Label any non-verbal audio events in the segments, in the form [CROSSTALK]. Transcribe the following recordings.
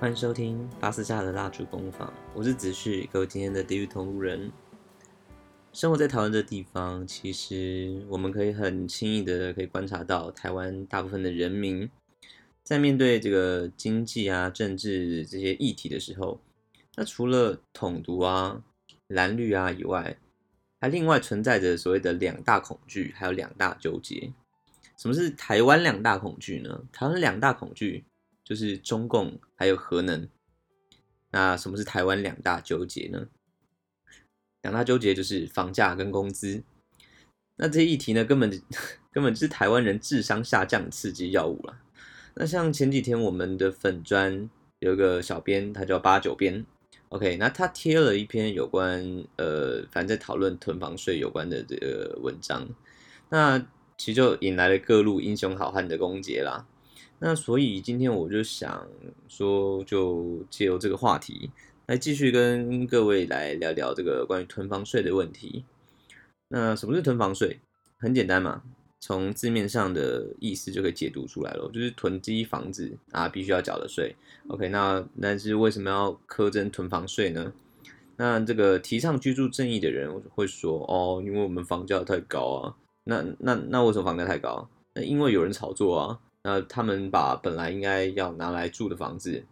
歡迎收聽《巴斯夏的蠟燭工坊》，我是子旭，各位今天的《地獄同路人》。生活在台灣的地方，其實我們可以很輕易的可以觀察到，台灣大部分的人民在面對這個經濟啊、政治這些議題的時候，那除了統獨啊、藍綠啊以外，還另外存在着所謂的兩大恐懼，還有兩大糾結。什麼是台灣兩大恐懼呢？台灣兩大恐懼。就是中共還有核能。那什麼是台灣兩大糾結呢？兩大糾結就是房價跟工資。那這一題呢，根本根本就是台灣人智商下降刺激藥物了。那像前幾天我們的粉專有一個小編，他叫八九編，OK，那他貼了一篇有關呃，反正在討論囤房稅有關的這個文章，那其實就引來了各路英雄好漢的攻訐啦。那所以今天我就想說，就借由這個話題來繼續跟各位來聊聊這個關於囤房稅的問題。那什麼是囤房稅？很簡單嘛，從字面上的意思就可以解讀出來了，就是囤積房子啊，必須要繳的稅。OK，那但是為什麼要苛徵囤房稅呢？那這個提倡居住正義的人我就會說哦，因為我們房價太高啊。那那那為什麼房價太高？那、欸、因為有人炒作啊。那他們把本來應該要拿來住的房子，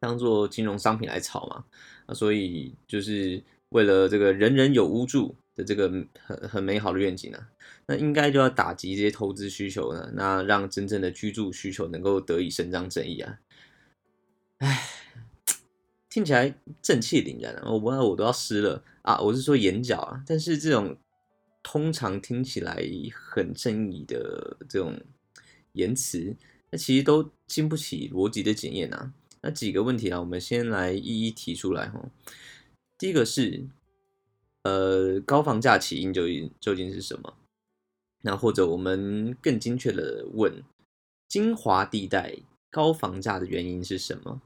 當做金融商品來炒嘛。那所以就是為了這個“人人有屋住”的這個很很美好的願景呢，啊，那應該就要打擊這些投資需求呢？那讓真正的居住需求能夠得以伸張正義啊唉，聽起來正氣凜然的，我我我都要濕了啊！我是說眼角啊，但是這種通常聽起來很正義的這種。言辭，那其實都經不起邏輯的檢驗啊。那幾個問題啊，我們先來一一提出來哈。第一個是，呃，高房價起因究竟究竟是什麼？那或者我們更精確的問，精華地帶高房價的原因是什麼？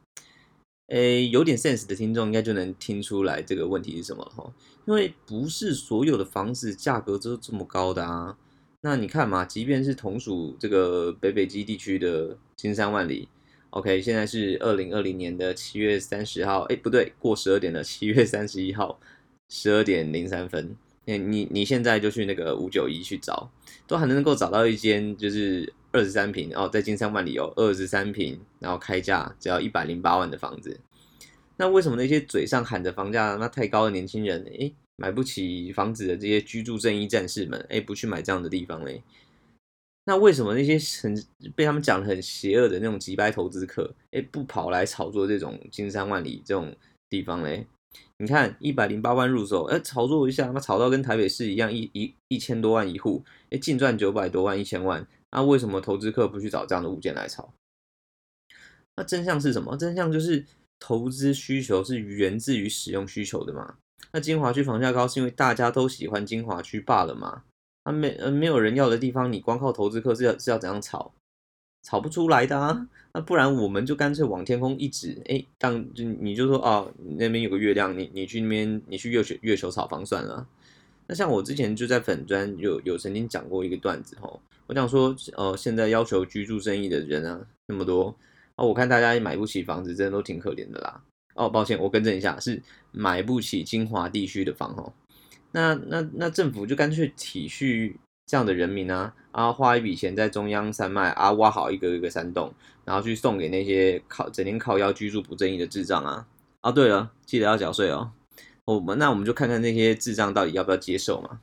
誒、欸，有點 sense 的聽眾應該就能聽出來這個問題是什麼了哈。因為不是所有的房子價格都這麼高的啊。那你看嘛，即便是同屬這個北北基地區的金山萬里，OK，現在是二零二零年的七月三十號，哎，不對，過十二點了，七月三十一號十二點零三分，誒你你你現在就去那個五九一去找，都還能夠找到一間就是二十三坪哦，在金山萬里有二十三坪，然後開價只要一百零八萬的房子。那為什麼那些嘴上喊着房價那太高的年輕人，誒買不起房子的這些居住正義戰士們，哎、欸，不去買這樣的地方嘞？那為什麼那些很被他們講的很邪惡的那種機掰投資客，哎、欸，不跑來炒作這種金山萬里這種地方嘞？你看一百零八萬入手，哎、欸，炒作一下，那炒到跟台北市一樣，一一一千多萬一戶，哎、欸，淨賺九百多萬一千萬。那、啊、為什麼投資客不去找這樣的物件來炒？那真相是什麼？真相就是投資需求是源自於使用需求的嘛。那精華區房價高是因為大家都喜歡精華區罷了嘛？啊沒呃沒有人要的地方，你光靠投資客是要是要怎樣炒？炒不出來的啊！那不然我們就乾脆往天空一指，誒、欸、當就你就說哦，那邊有個月亮，你你去那邊你去月、月球月球炒房算了。那像我之前就在粉專有有曾經講過一個段子吼，我想說呃現在要求居住正義的人啊那麼多啊，我看大家買不起房子，真的都挺可憐的啦。哦，抱歉，我更正一下，是買不起精華地區的房哦。那、那、那政府就乾脆體恤這樣的人民啊，啊花一筆錢在中央山脈啊，挖好一個一個山洞，然後去送給那些靠整天靠腰居住不正義的智障啊啊！對了，記得要繳稅哦。我們、哦、那我們就看看那些智障到底要不要接受嘛。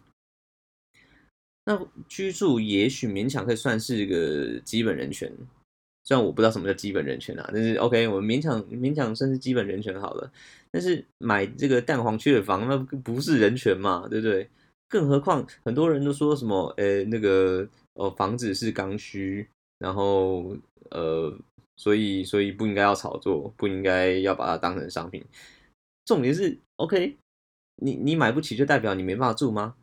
那居住也許勉強可以算是一個基本人權。雖然我不知道什麼叫基本人權啊，但是 OK，我勉強勉強算是基本人權好了。但是買這個蛋黃區的房，那不是人權嘛，對不對？更何況很多人都說什麼，哎、欸，那個哦，房子是剛需，然後呃，所以所以不應該要炒作，不應該要把它當成商品。重點是 OK，你你買不起就代表你沒辦法住嗎？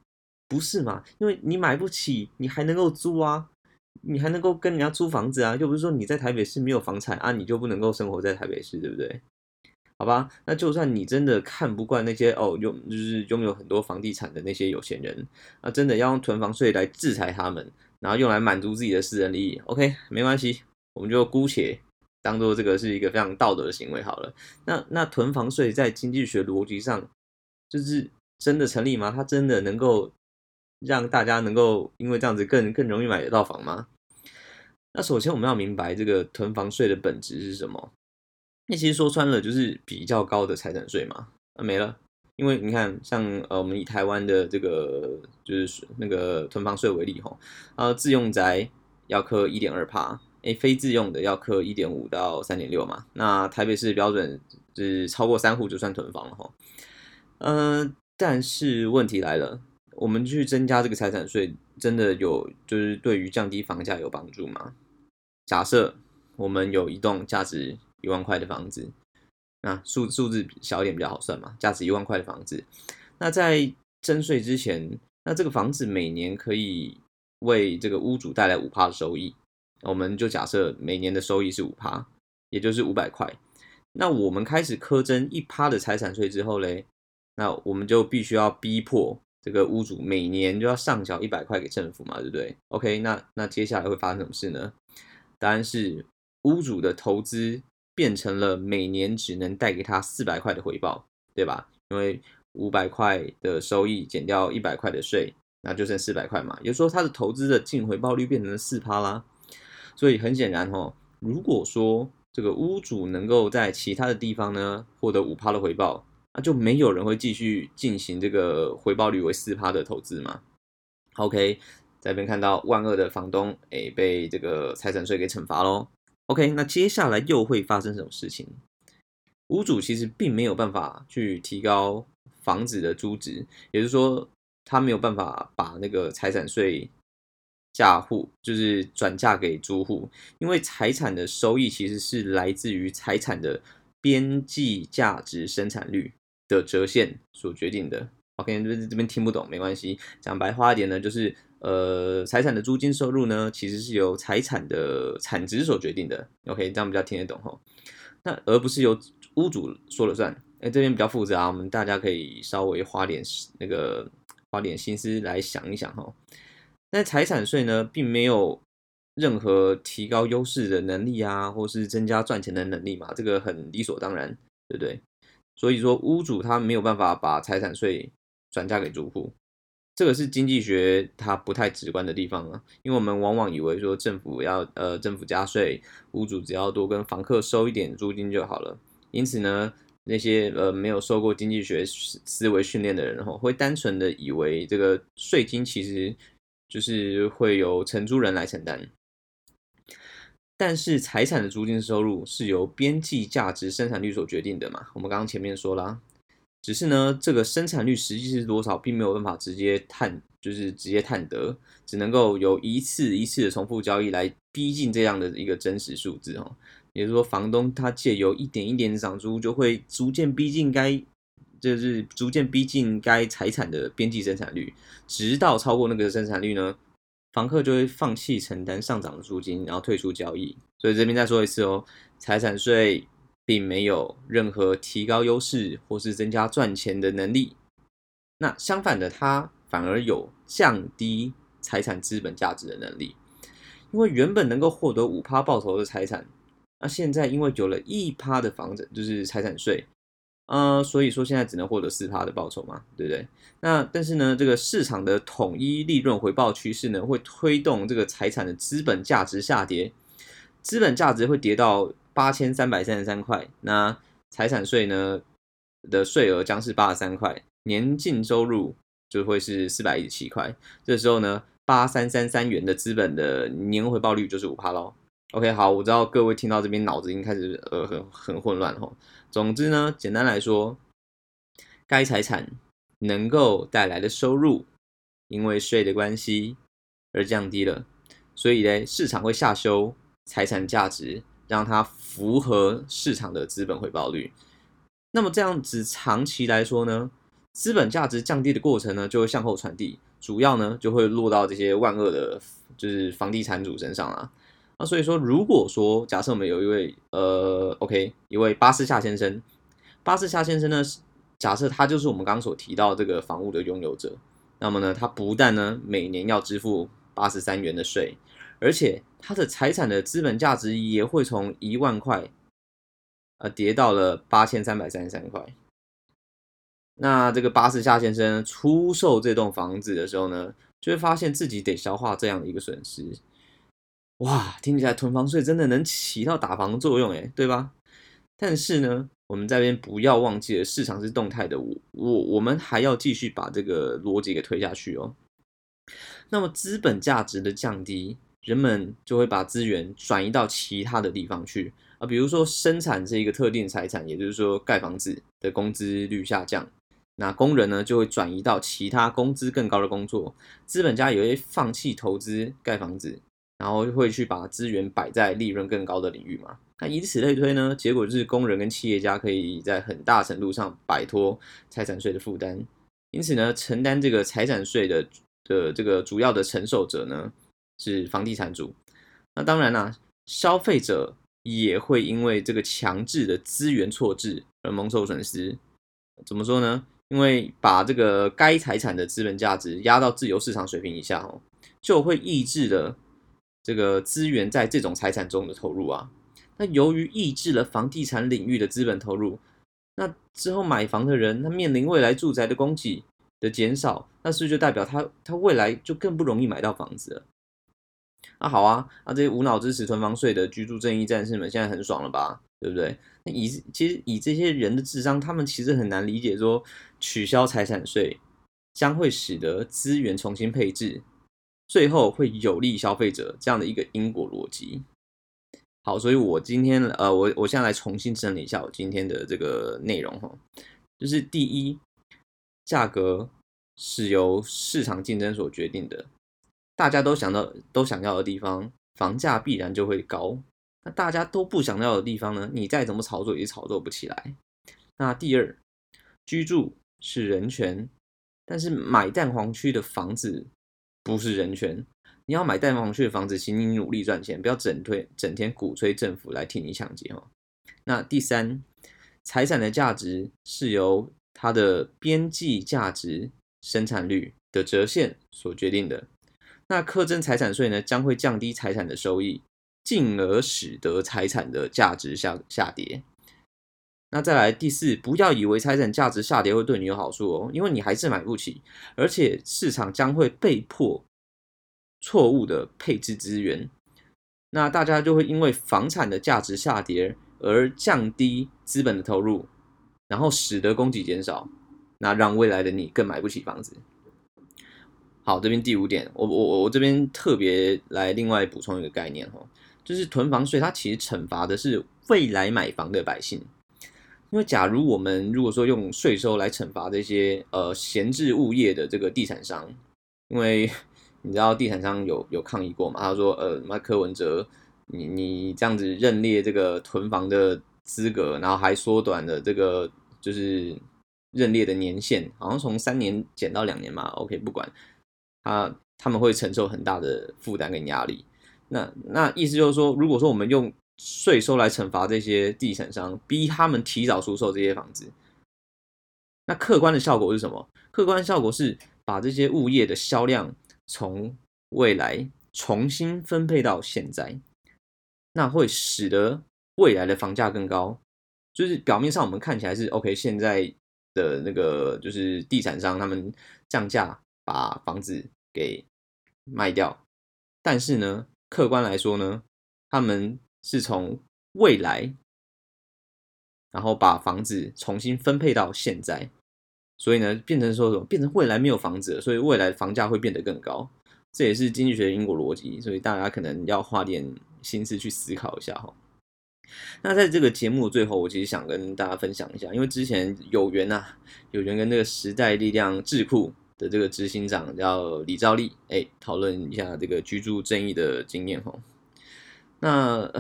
不是嘛？因為你買不起，你還能夠租啊。你還能夠跟人家租房子啊，又不是說你在台北市沒有房產啊,你就不能夠生活在台北市，對不對？好吧，那就算你真的看不慣那些哦，擁就是擁有很多房地產的那些有錢人，啊，真的要用囤房稅來制裁他們，然後用來滿足自己的私人利益，OK，沒關係，我們就姑且當做這個是一個非常道德的行為好了。那那囤房稅在經濟學邏輯上，就是真的成立嗎？它真的能夠讓大家能夠因為這樣子更更容易買得到房嗎？那首先我們要明白這個囤房稅的本質是什麼？那其實說穿了就是比較高的財產稅嘛。啊沒了，因為你看，像呃我們以台灣的這個就是那個囤房稅為例吼，呃自用宅要課一點二趴，哎非自用的要課一點五到三點六嘛。那台北市的標準就是超過三戶就算囤房了吼。呃，但是問題來了，我們去增加這個財產稅，真的有就是對於降低房價有幫助嗎？假設我們有一棟價值一萬塊的房子，那、啊、數數字小一點比較好算嘛？價值一萬塊的房子，那在徵稅之前，那這個房子每年可以為這個屋主帶來五趴的收益，我們就假設每年的收益是五趴，也就是五百塊。那我們開始課徵一趴的財產稅之後嘞，那我們就必須要逼迫這個屋主每年就要上繳一百塊給政府嘛，對不對？OK，那那接下來會發生什麼事呢？答案是屋主的投資變成了每年只能帶給他四百塊的回報，對吧？因為五百塊的收益減掉一百塊的稅，那就剩四百塊嘛。也就是說，他的投資的淨回報率變成了四趴啦。所以很顯然哦，如果說這個屋主能夠在其他的地方呢獲得五趴的回報，那、啊、就沒有人會繼續進行這個回報率為四趴的投資嘛。OK。這邊看到萬惡的房東哎、欸，被這個財產稅給懲罰嘍。OK，那接下來又會發生什麼事情？屋主其實並沒有辦法去提高房子的租值，也就是說，他沒有辦法把那個財產稅嫁戶，就是轉嫁給租戶，因為財產的收益其實是來自於財產的邊際價值生產率的折現所決定的。OK，這這邊聽不懂沒關係，講白話一點呢，就是。呃，財產的租金收入呢，其實是由財產的產值所決定的。OK，這樣比較聽得懂吼。那而不是由屋主說了算。哎、欸,這邊比較複雜啊,我們大家可以稍微花點那個花點心思來想一想哈。那財產稅呢，並沒有任何提高優勢的能力啊，或是增加賺錢的能力嘛，這個很理所當然，對不對？所以說，屋主他沒有辦法把財產稅轉嫁給租戶。這個是經濟學它，不太直觀的地方了啊，因為我們往往以為說，政府要呃政府加稅，屋主只要多跟房客收一點租金就好了。因此呢，那些呃沒有受過經濟學思思維訓練的人，哦，會單純的以為這個稅金其實就是會由承租人來承擔。但是財產的租金收入是由邊際價值生產率所決定的嘛，我們剛剛前面說啦。只是呢，這個生產率實際是多少，並沒有辦法直接探，就是直接探得，只能夠由一次一次的重複交易來逼近這樣的一個真實數字哦，也就是說，房東他借由一點一點的漲租，就會逐漸逼近該，就是逐漸逼近該財產的邊際生產率，直到超過那個生產率呢，房客就會放棄承擔上漲的租金，然後退出交易。所以這邊再說一次哦，財產稅。並沒有任何提高優勢或是增加賺錢的能力，那相反的，它反而有降低財產資本價值的能力，因為原本能夠獲得五趴報酬的財產，那、啊、現在因為有了一趴的房子，就是財產稅，呃，所以說現在只能獲得四趴的報酬嘛，對不對？那但是呢，這個市場的統一利潤回報趨勢呢，會推動這個財產的資本價值下跌，資本價值會跌到。八千三百三十三塊，那財產稅呢的稅額將是八十三塊，年淨收入就會是四百一十七塊。這時候呢，八三三三元的資本的年回報率就是五帕嘍。OK，好，我知道各位聽到這邊腦子已經開始呃很,很混亂吼。總之呢，簡單來說，該財產能夠帶來的收入，因為稅的關係而降低了，所以呢，市場會下修財產價值。讓它符合市場的資本回報率。那麼這樣子長期來說呢，資本價值降低的過程呢，就會向後傳遞，主要呢就會落到這些萬惡的，就是房地產主身上啊。那所以說，如果說假設我們有一位呃，OK，一位巴斯夏先生，巴斯夏先生呢是假設他就是我們剛剛所提到這個房屋的擁有者，那麼呢，他不但呢每年要支付八十三元的稅。而且他的財產的資本價值也會從一萬塊，呃，跌到了八千三百三十三塊。那這個巴士夏先生出售這棟房子的時候呢，就會發現自己得消化這樣的一個損失。哇，聽起來囤房稅真的能起到打房的作用，誒，對吧？但是呢，我們在這邊不要忘記了，市場是動態的，我我我們還要繼續把這個邏輯給推下去哦。那麼，資本價值的降低。人們就會把資源轉移到其他的地方去啊，比如說生產這一個特定財產，也就是說蓋房子的工資率下降，那工人呢就會轉移到其他工資更高的工作，資本家也會放棄投資蓋房子，然後會去把資源擺在利潤更高的領域嘛。那以此類推呢，結果就是工人跟企業家可以在很大程度上擺脫財產稅的負擔，因此呢，承擔這個財產稅的的這個主要的承受者呢。是房地產主，那當然啦、啊，消費者也會因為這個強制的資源錯置而蒙受損失。怎麼說呢？因為把這個該財產的資本價值壓到自由市場水平以下，哦，就會抑制了這個資源在這種財產中的投入啊。那由於抑制了房地產領域的資本投入，那之後買房的人，他面臨未來住宅的供給的減少，那是不是就代表他他未來就更不容易買到房子了？那、啊、好啊，那、啊、這些無腦支持囤房稅的居住正義戰士們現在很爽了吧？對不對？那以其實以這些人的智商，他們其實很難理解說取消財產稅將會使得資源重新配置，最後會有利消費者這樣的一個因果邏輯。好，所以我今天呃，我我現在來重新整理一下我今天的這個內容哈，就是第一，價格是由市場競爭所決定的。大家都想到都想要的地方，房價必然就會高。那大家都不想要的地方呢？你再怎麼炒作，也炒作不起來。那第二，居住是人權，但是買蛋黃區的房子不是人權。你要買蛋黃區的房子，請你努力賺錢，不要整天整天鼓吹政府來替你搶劫哦。那第三，財產的價值是由它的邊際價值、生產率的折現所決定的。那課徵財產稅呢，將會降低財產的收益，進而使得財產的價值下下跌。那再來第四，不要以為財產價值下跌會對你有好處哦，因為你還是買不起，而且市場將會被迫錯誤的配置資源。那大家就會因為房產的價值下跌而降低資本的投入，然後使得供給減少，那讓未來的你更買不起房子。好，這邊第五點，我我我我這邊特別來另外補充一個概念哈，就是囤房稅，它其實懲罰的是未來買房的百姓，因為假如我們如果說用稅收來懲罰這些呃閒置物業的這個地產商，因為你知道地產商有有抗議過嘛，他說呃，那柯文哲，你你這樣子認列這個囤房的資格，然後還縮短了這個就是認列的年限，好像從三年減到兩年嘛，OK 不管。他他們會承受很大的負擔跟壓力，那那意思就是說，如果說我們用稅收來懲罰這些地產商，逼他們提早出售這些房子，那客觀的效果是什麼？客觀的效果是把這些物業的銷量從未來重新分配到現在，那會使得未來的房價更高。就是表面上我們看起來是 OK，現在的那個就是地產商他們降價。把房子給賣掉，但是呢，客觀來說呢，他們是從未來，然後把房子重新分配到現在，所以呢，變成說什麼？變成未來沒有房子了，所以未來房價會變得更高。這也是經濟學的因果邏輯，所以大家可能要花點心思去思考一下哈。那在這個節目的最後，我其實想跟大家分享一下，因為之前有緣吶、啊，有緣跟那個時代力量智庫，這個執行長叫李兆立，哎，討論一下這個居住正義的經驗。那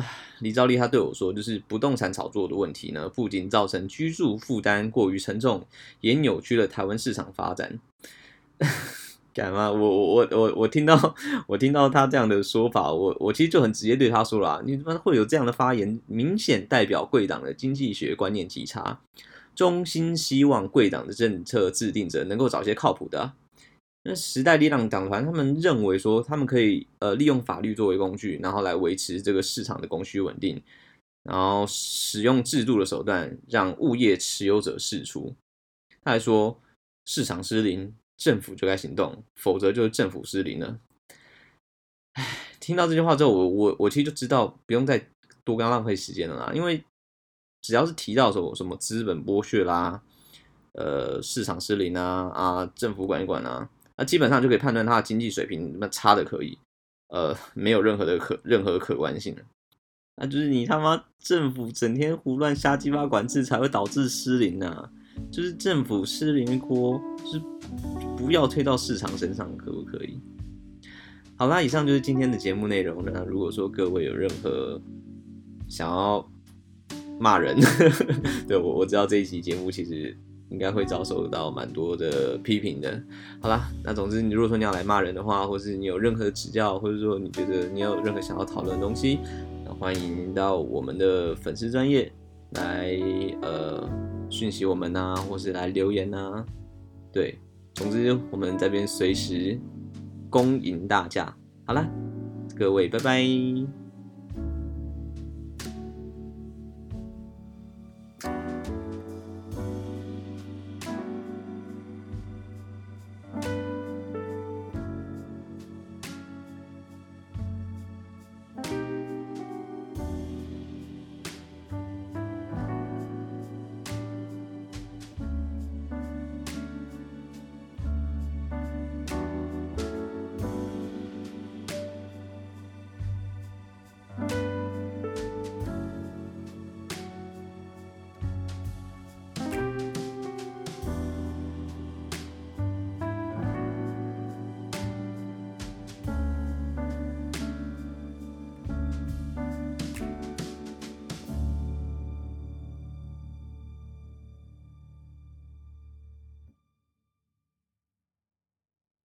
李兆立他對我說，就是不動產炒作的問題呢，不僅造成居住負擔過於沉重，也扭曲了台灣市場發展。 [LAUGHS] 幹嘛？我我我我聽到我聽到他這樣的說法，我我其實就很直接對他說了啊，你他媽會有這樣的發言，明顯代表貴黨的經濟學觀念極差。衷心希望貴黨的政策制定者能夠找一些靠譜的啊。那時代力量黨團他們認為說，他們可以呃利用法律作為工具，然後來維持這個市場的供需穩定，然後使用制度的手段讓物業持有者釋出。他還說，市場失靈，政府就該行動，否則就是政府失靈了。哎，聽到這句話之後，我我我其實就知道不用再多跟他浪費時間了啦，因為。只要是提到什麼什麼資本剝削啦、啊，呃，市場失靈啊啊，政府管一管啊，那基本上就可以判斷它的經濟水平那差得可以，呃，沒有任何的可任何可觀性，那就是你他媽政府整天胡亂瞎雞巴管制，才會導致失靈啊，就是政府失靈的鍋，就是不要推到市場身上，可不可以？好啦，以上就是今天的節目內容。那如果說各位有任何想要，罵人， [LAUGHS] 對，我我知道這一期節目其實應該會遭受到蠻多的批評的。好啦，那總之你如果說你要來罵人的話，或是你有任何指教，或者說你覺得你有任何想要討論的東西，那歡迎到我們的粉絲專頁來呃訊息我們吶、啊，或是來留言吶、啊。對，總之我們在這邊隨時恭迎大家。好啦，各位，拜拜。